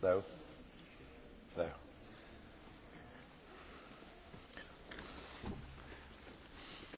though.